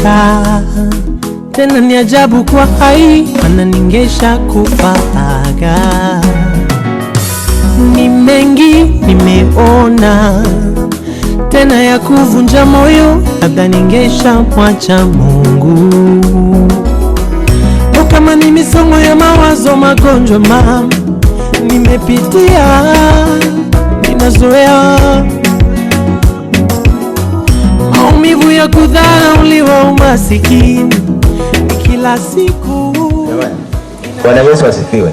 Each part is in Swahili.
kupata tena ni ajabu kwa hai mana ningesha kufaga. Ni mengi nimeona tena ya kuvunja moyo, labda ningesha mwacha Mungu. Kama ni misongo ya mawazo, magonjwa mam nimepitia, ninazoea maumivu ya kudharauliwa, umasikini kila siku. Bwana Yesu asifiwe.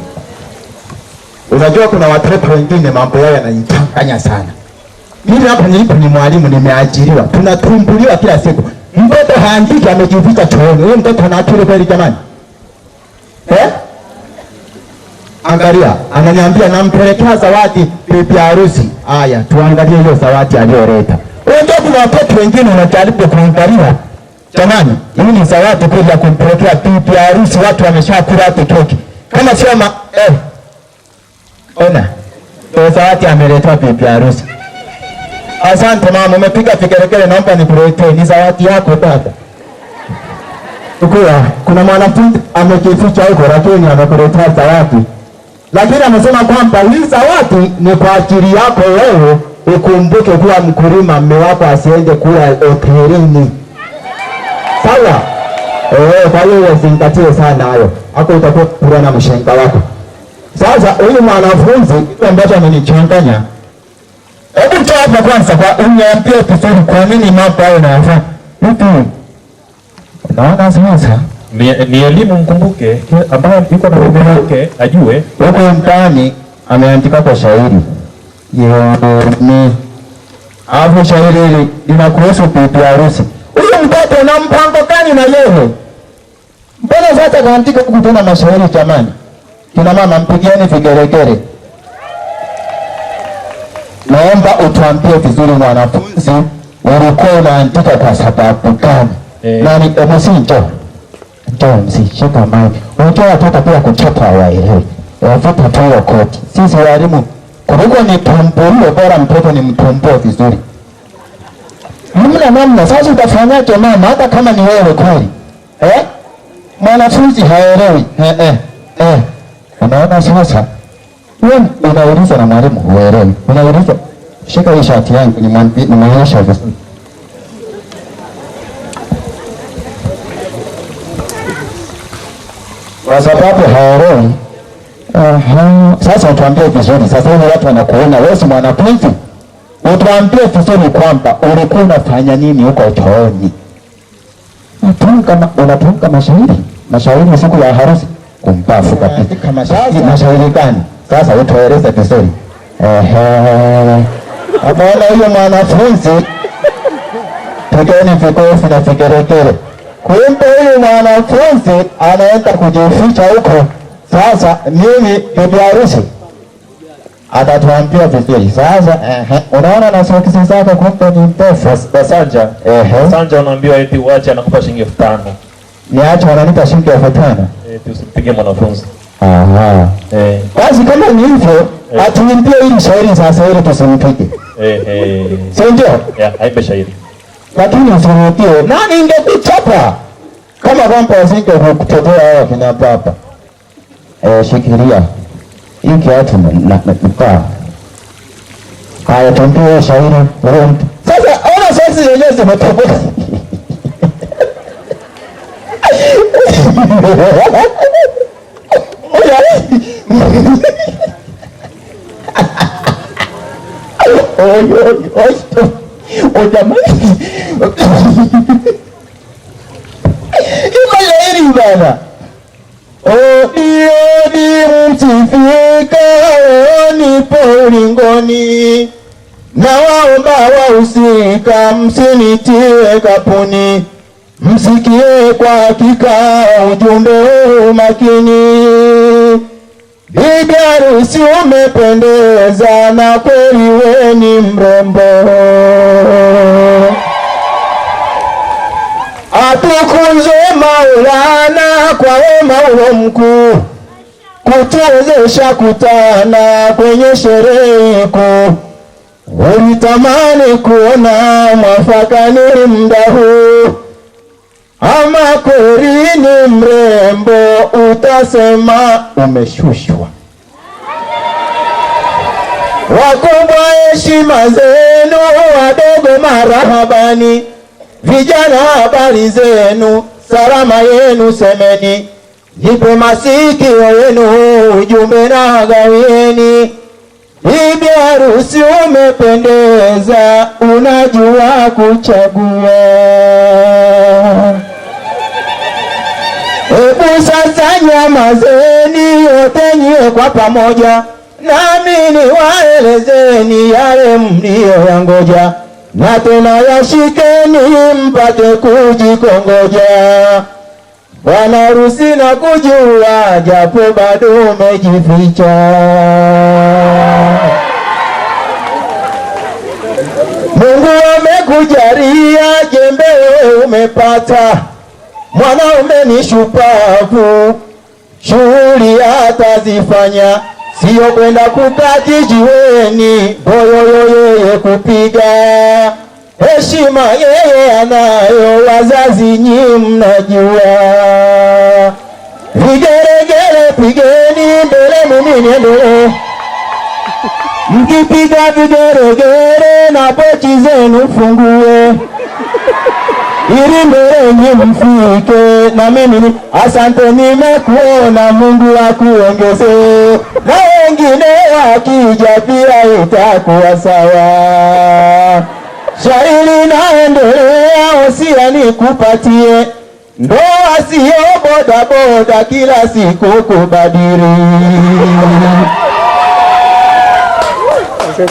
Unajua kuna watoto wengine mambo yao yananichanganya sana. Mimi hapa nilipo ni mwalimu, nimeajiriwa, tunatumbuliwa kila siku. Mtoto haandiki, amejificha chooni. Huyo mtoto ana akili kweli jamani? Eh? Angalia, ananiambia nampelekea zawadi bibi harusi. Aya, tuangalie hiyo zawadi aliyoleta wakati wengine unajaribu kuangalia, jamani, hii ni zawadi kweli ya kumpelekea bibi harusi, watu wameshakula hapo toki Kama sio ma eh, ona ndio zawadi ameletewa bibi harusi. Asante mama, umepiga vigelegele, naomba nikuletee, ni zawadi yako baba. Tukuya, kuna mwanafunzi amekificha huko, lakini amekuletea zawadi, lakini amesema kwamba hii zawadi ni kwa ajili yako wewe ukumbuke kuwa mkulima, mme wako asiende kula hotelini, sawa? Eh, kwa hiyo uzingatie sana hayo, hapo utakuwa kula na mshenga wako. Sasa huyu mwanafunzi kitu ambacho amenichanganya, hebu toa hapa kwanza, kwa uniambie vizuri, kwa nini mambo hayo yanafanya mtu. Naona sasa ni elimu, mkumbuke ambaye yuko na mke ajue, huko mtaani ameandika kwa shairi jione. Alafu shairi hili linakuhusu bibi harusi. Huyu mtoto una mpango gani na yeye? Mbona sasa kaandika huku tena mashairi jamani? Kina mama mpigieni vigeregere. Naomba utuambie vizuri mwanafunzi ulikuwa unaandika kwa sababu gani? Eh. Nani emosi eh, njoo. Njoo msishika maji. Unajua watoto pia kuchoka waelewe. Wavuta tu koti. Sisi walimu Kuliko nitumbulie, bora mtoto nimtumbue vizuri. Mna namna sasa, utafanyaje mama, hata kama ni wewe kweli eh? Mwanafunzi haelewi eh, eh, eh. Unaona sasa, wewe unauliza na mwalimu huelewi, unauliza shika hii shati yangu nimwonyesha vizuri kwa sababu haelewi Aha. Sasa utuambie vizuri, sasa hivi watu wanakuona wewe si mwanafunzi. Utuambie vizuri kwamba ulikuwa unafanya nini huko chooni? Unatunga unatunga mashairi, mashairi siku ya harusi kumpafu kabisa. Mashairi gani? Sasa utueleze vizuri. Ehe. Akaona huyo mwanafunzi pigeni vikofi na vigeregere. Kumbe huyu mwanafunzi anaenda kujificha huko sasa mimi bibi harusi atatuambia vizuri. Sasa ehe, unaona na sokisi zako kumbe ni mpefu. Basanja, ehe, Basanja unaambiwa eti uache, anakupa shilingi 5000. Niache wananipa shilingi 5000. Eti usimpige mwanafunzi. Aha. Eh. Basi kama ni hivyo, eh. atuimbie hii mshairi sasa ili tusimpige. Eh eh. eh. Sio ndio? Yeah, haipe shairi. Lakini usimpie. Nani ingekuchapa? Kama kwamba kukutotoa hawa kina baba e, shikilia iki atu nakaa haya, tuambie shairi Sasa ona sasa zenyewe zimetoboka jamani, iko shairi bana Msifikeni polingoni, na waomba wahusika msinitie kapuni, msikie kwa hakika ujumbe huu makini. Bibi harusi umependeza, na kweli ni mrembo, atukuzwe Maulana kwa wema huo mkuu kutuwezesha kutana kwenye sherehe kuu. Ulitamani kuona mwafaka ni mda huu, ama kweli ni mrembo, utasema umeshushwa. Wakubwa heshima zenu, wadogo marahabani, vijana habari zenu, salama yenu semeni Jipe masikio yenu ujumbe na gaweni, bibi harusi umependeza, unajua kuchagua. Hebu sasa nyamazeni yote nyiwe kwa pamoja, nami niwaelezeni yale mliyoyangoja, na tena yashikeni mpate kujikongoja wanarusi na kujua, japo bado umejificha. Mungu amekujalia jembe umepata, mwanaume ni shupavu, shughuli atazifanya, sio kwenda kukaa kijiweni boyoyo yeye kupiga heshima yeye anayo, wazazi nyi mnajua. Vigeregere pigeni mbele, mumini endelee mkipiga vigeregere na pochi zenu fungue ili mbele nyi mfike na mimi. Asante, nimekuona, Mungu akuongezee, na wengine wakija pia itakuwa sawa shairi naendelea, wosia nikupatie ndoa siyo boda, kila siku kubadiri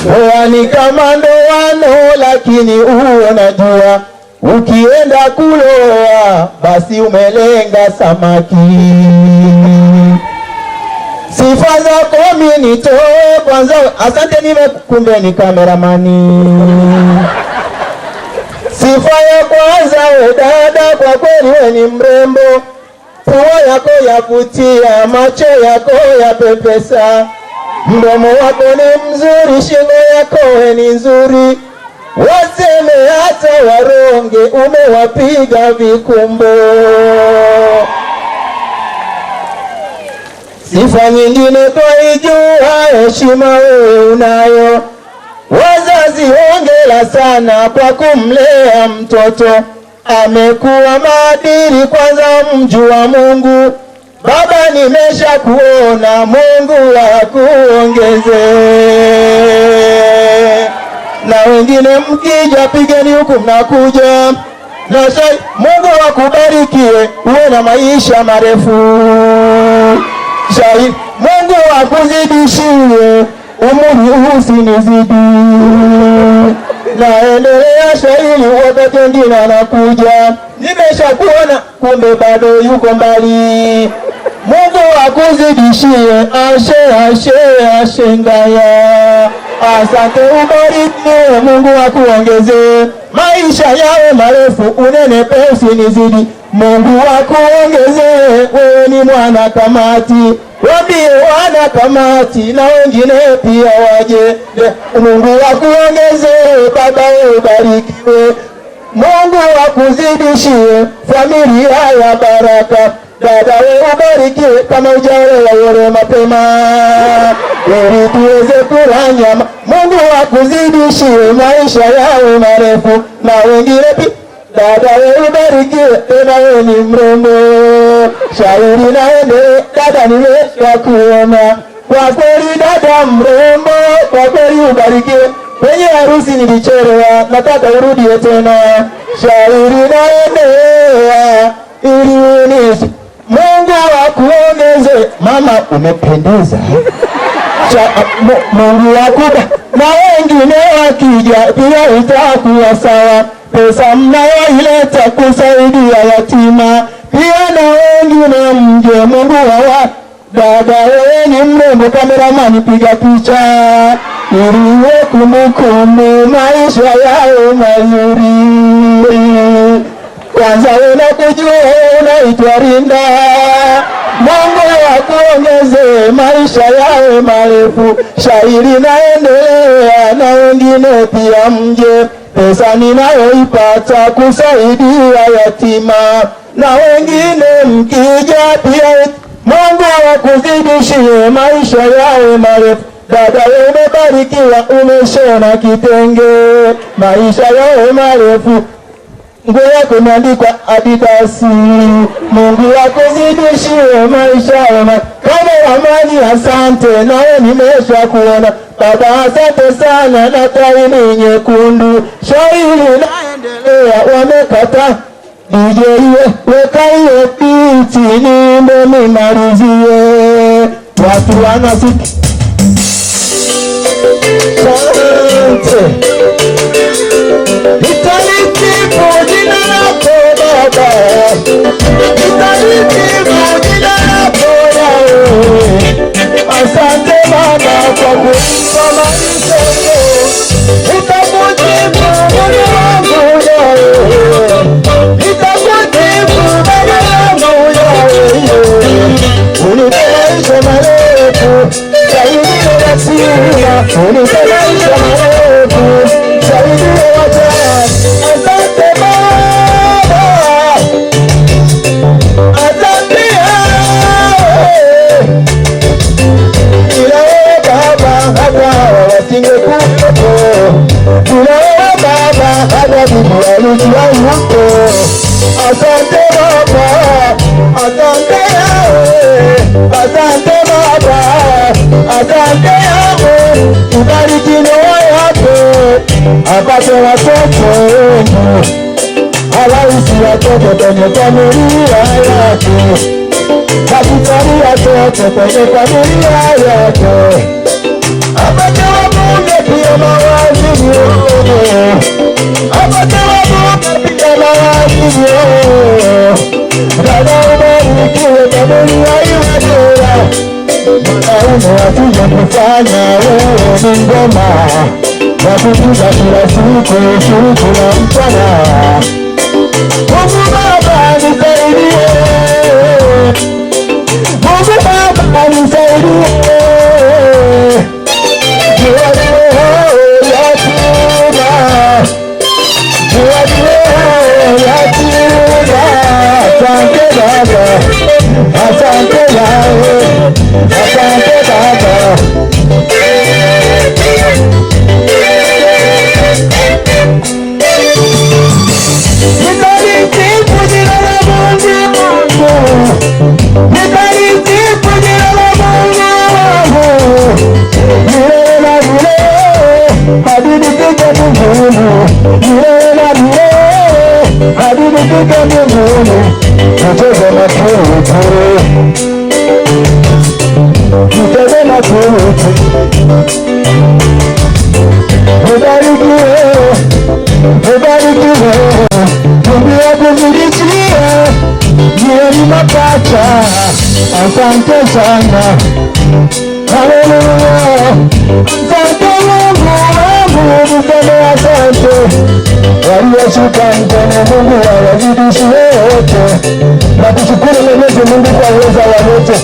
Ndoa ni kama ndoano, lakini uo najua ukienda kuloa basi umelenga samaki. Sifa zako mimi nitoe kwanza. Asante, nime kumbeni kameramani Sifa ya kwanza, we dada, kwa kweli we ni mrembo, pua yako yavutia, macho yako yapepesa, mdomo wako ni mzuri, shingo yako we ni nzuri, waseme hata waronge, umewapiga vikumbo. Sifa nyingine twaijua, heshima wewe unayo waza Mzazi hongera sana kwa kumlea mtoto, amekuwa maadili kwanza, wa Mungu. Baba kuona Mungu akuongeze. Na wengine mkija, pigeni huku mnakuja nashai. Mungu akubarikie, uwe na maisha marefu shai. Mungu akuzidishie umuhiusi nizidi naendelea shairi, wakati wengine anakuja, nimeshakuona kumbe bado yuko mbali. Mungu akuzidishie, ashe ashe ashengaya Asante ubariki, Mungu akuongeze maisha yawe marefu, unene unenepe nizidi Mungu akuongeze, wewe ni mwana kamati Wadio wana kamati na wengine pia waje. Mungu akuongeze baba, ubarikiwe. Mungu akuzidishie familia ya baraka. Dada we ubarikiwe, kama ujaolewa uolewe mapema ili tuweze kula nyama. Mungu akuzidishie maisha yawe marefu na wengine pia dada wewe ubariki tena, wewe ni mrembo, shauri na wewe dada, nimechoka kuona kwa kweli, dada mrembo, kwa kweli ubariki kwenye harusi nilichelewa, nataka urudie tena, shauri na ili unisi Mungu akuongeze mama, umependeza cha Mungu akuba na wengine wakija pia itakuwa sawa pesa mnayoileta kusaidia yatima pia na wengine, mje Mungu wawa dada, wewe ni mrembo, kameramani piga picha ili kumbukumbu maisha yao mazuri. Kwanza wena unaitwa Rinda Mungu wakuongeze maisha yawe marefu. Shairi naendelea na wengine pia mje pesa ninayoipata kusaidia yatima na wengine, mkija pia Mungu akuzidishie maisha yawe marefu. Dada umebarikiwa, umeshona kitenge, maisha yawe marefu nguo yako imeandikwa Adidasi. Mungu akuzidishie maisha yawe marefu. Baba Ramani asante, nawe nimesha kuona. Baba asante sana na tauni nyekundu, shairi naendelea, wamekata dijeiwe, weka hiyo pichi nyimbo nimalizie, watu wanasiki Asante nitalisifu jina lako Baba, nitalisifu Asante baba kwa kumpa msongo Utakujibu moyo wangu yeye Itakujibu moyo wangu yeye Unipeleke marefu Zaidi ya sina Unipeleke marefu ẹ̀rù ni wọ́n ń kó. Àtàndé bàbá àtàndé ẹ̀ẹ́ àtàndé bàbá àtàndé ẹ̀ẹ́ ìdáríjì ni wọ́n yà pé àbájọra tó kọ̀ ọ́ aláìsí àtọ̀tọ̀tọ̀ nìkan ní rí ayé àjò kàkútà ní àtọ̀tọ̀tọ̀ ọmọ wa sí mi o. ọmọ tí wọ́n mú bẹ́bí ọmọ wa sí mi o. dada ọmọ mi kí o lọ lórí ayé wa ní ọ̀la. Àwọn ọmọ àti ìyẹ̀mí sáyà wẹ̀rẹ̀ ní gbọ́mà. Wàtí nígbà tí wọ́n sí kò sí kò lọ ń tọ́nà. Mo mú bàbá mi sẹ́yìn ní ẹ̀. बाबा हसन के लाए हसन के बाबा निकारी से पुजरा बोले बाबो निकारी से पुजरा बोले बाबो मेरे ना मेरे हरी रिते जब बोलो मेरे ना मेरे हरी रिते जब बोलो না ফুল ধরে দেবে না ফুল ভোগারি aliyeshuka mkono Mungu awazidishe wote, na kushukuru Mwenyezi Mungu kwa uweza wa yote.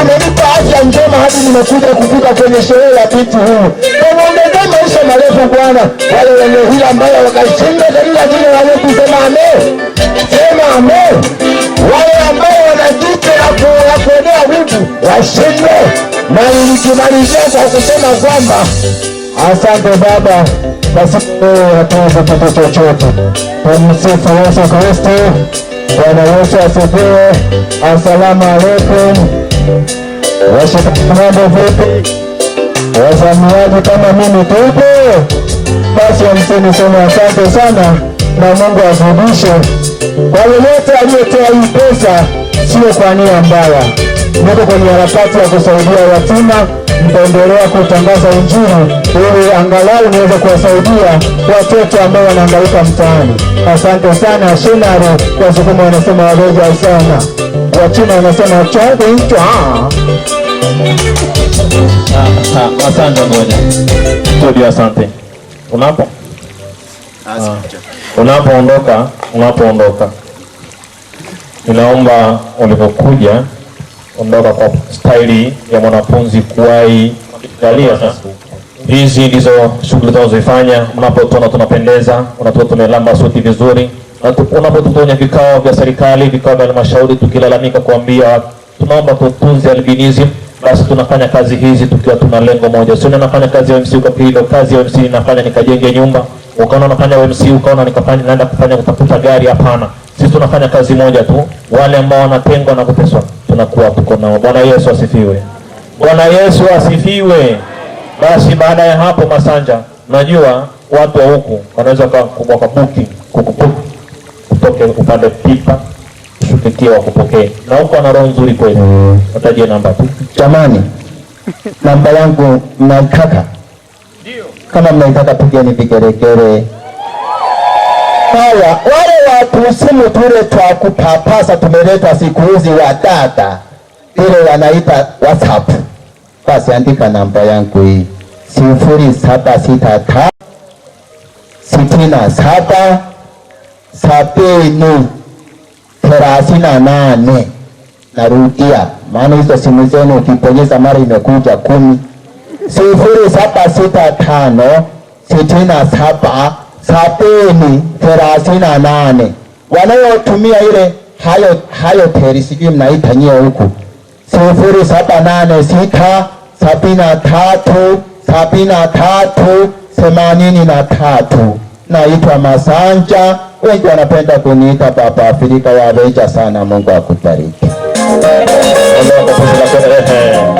Umenipa afya njema hadi nimekuja kuvuka kwenye sherehe ya binti huyu. Umeongezea maisha marefu Bwana, wale wenye hila ambayo wakashinda katika jina la Yesu. Sema amen, sema amen. Wale ambao wanajipe ya kuonea wivu washinde, na nilikimalizia kwa kusema kwamba asante Baba basi leo hatuwezi kupata chochote. Tumsifu Yesu Kristo. Bwana Yesu asifiwe. Asalamu alaykum. Washikamango vipi? Wazamiaji kama mimi tupo? Basi wamseni sema asante sana na Mungu azidishe kwa yeyote aliyetoa hii pesa, sio kwa nia mbaya, niko kwenye harakati ya kusaidia yatima mtaendelea kutangaza Injili ili angalau niweze kuwasaidia watoto ambao wanaangaika mtaani. Asante sana Shinari. Wasukuma wanasema wagoja sana, Wachina wanasema wachogoitwa. Ah. Ah, asante moja studio, asante unapo ah, unapoondoka unapoondoka, ninaomba ulipokuja kuondoka kwa staili ya mwanafunzi kuwai kalia. Sasa hizi ndizo shughuli zinazoifanya mnapotuona tunapendeza, unatoa tumelamba suti vizuri, unapotutonya vikao vya serikali, vikao vya halmashauri, tukilalamika kuambia tunaomba tutunze albinism basi tunafanya kazi hizi tukiwa tuna lengo moja. Sio nafanya kazi ya MC OMC ukapiga kazi ya MC nafanya nikajenge nyumba, ukaona nafanya MC ukaona nikafanya naenda kufanya kutafuta gari. Hapana. Sisi tunafanya kazi moja tu, wale ambao wanatengwa na kuteswa tunakuwa tuko nao. Bwana Yesu asifiwe! Bwana Yesu asifiwe! Basi baada ya hapo, Masanja, najua watu wa huku wanaweza buki kukupuki, utoke upande pipa ushukikie wakupokee, na huko ana roho nzuri kweli. watajie mm. namba tu jamani, namba yangu mnaitaka? Ndio, kama mnaitaka pigeni vigeregere. Haya watusimu tule twa kupapasa tumeletwa siku hizi wadada, ile wanaita WhatsApp. Basi andika namba yangu hii sifuri saba sita ta sitina na saba sabini thelathini na nane. Narudia maana hizo simu zenu ukibonyeza mara imekuja kumi. Sifuri saba sita tano sitina na saba sabini thelathini na nane wanayotumia ile hayo hayo teri sijui mnaita nyie huku, sifuri saba nane sita sabini na tatu sabini na tatu themanini na tatu. Naitwa Masanja, wengi wanapenda kuniita Baba Afrika, wabeja sana. Mungu akubariki.